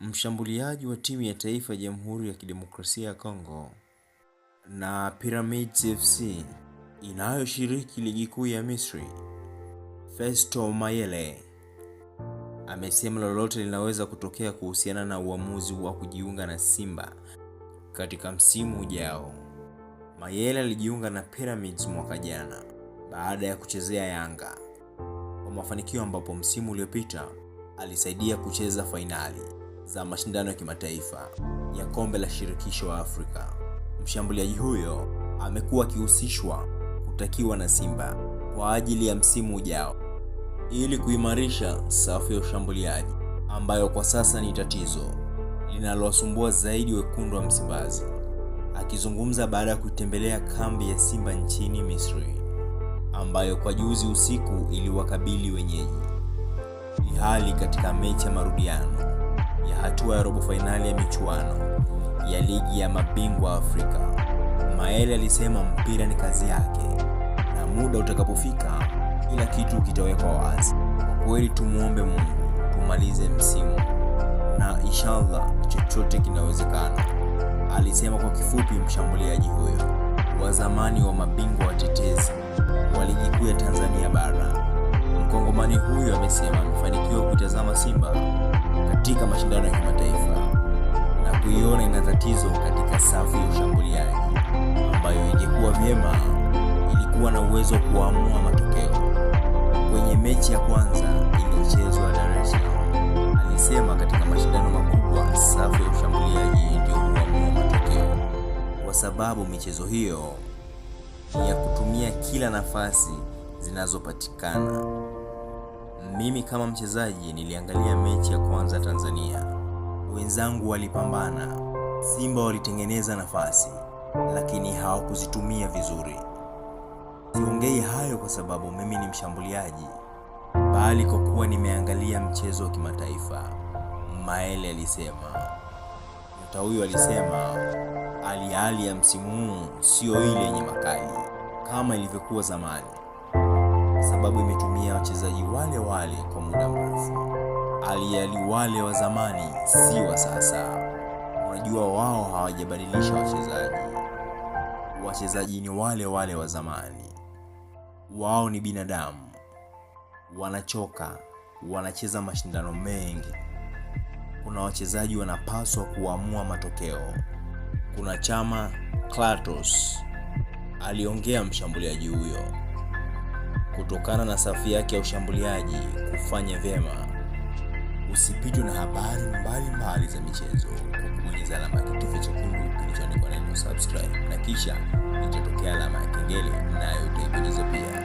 mshambuliaji wa timu ya taifa ya Jamhuri ya Kidemokrasia ya Kongo na Pyramids FC inayoshiriki ligi kuu ya Misri, Festo Mayele amesema lolote linaweza kutokea kuhusiana na uamuzi wa kujiunga na Simba katika msimu ujao. Mayele alijiunga na Pyramids mwaka jana baada ya kuchezea Yanga kwa mafanikio, ambapo msimu uliopita alisaidia kucheza fainali za mashindano ya kimataifa ya kombe la shirikisho wa Afrika. Mshambuliaji huyo amekuwa akihusishwa kutakiwa na Simba kwa ajili ya msimu ujao ili kuimarisha safu ya ushambuliaji ambayo kwa sasa ni tatizo linalowasumbua zaidi wekundu wa Msimbazi. Akizungumza baada ya kuitembelea kambi ya Simba nchini Misri ambayo kwa juzi usiku iliwakabili wenyeji, hali katika mechi ya marudiano ya hatua ya robo fainali ya michuano ya ligi ya mabingwa Afrika. Maele alisema mpira ni kazi yake, na muda utakapofika kila kitu kitawekwa wazi. Kweli tumwombe Mungu tumalize msimu na inshallah chochote kinawezekana, alisema kwa kifupi mshambuliaji huyo wa zamani wa mabingwa watetezi wa ligi kuu ya Tanzania bara. Mkongomani huyo amesema amefanikiwa kuitazama Simba katika mashindano ya kimataifa na kuiona ina tatizo katika safu ya ushambuliaji ambayo ingekuwa vyema ilikuwa na uwezo wa kuamua matokeo. Kwenye mechi ya kwanza iliyochezwa Dar es Salaam, alisema katika mashindano makubwa safu ya ushambuliaji ndio huamua matokeo, kwa sababu michezo hiyo ni ya kutumia kila nafasi zinazopatikana. Mimi kama mchezaji niliangalia mechi ya kwanza Tanzania. Wenzangu walipambana, Simba walitengeneza nafasi lakini hawakuzitumia vizuri. Siongei hayo kwa sababu mimi ni mshambuliaji, bali kwa kuwa nimeangalia mchezo wa kimataifa. Maele alisema, nyota huyo alisema Ali Ali ya msimu huu sio ile yenye makali kama ilivyokuwa zamani sababu imetumia wachezaji wale wale kwa muda mrefu. Aliali wale wa zamani, si wa sasa. Unajua, wao hawajabadilisha wachezaji, wachezaji ni wale wale wa zamani. Wao ni binadamu, wanachoka, wanacheza mashindano mengi. Kuna wachezaji wanapaswa kuamua matokeo. Kuna chama Klatos aliongea mshambuliaji huyo kutokana na safu yake ya ushambuliaji kufanya vyema. Usipitwe na habari mbalimbali za michezo kwa kubonyeza alama ya kitufe chekundu kilichoandikwa neno subscribe, na kisha itatokea alama ya kengele, nayo utaibonyeza pia.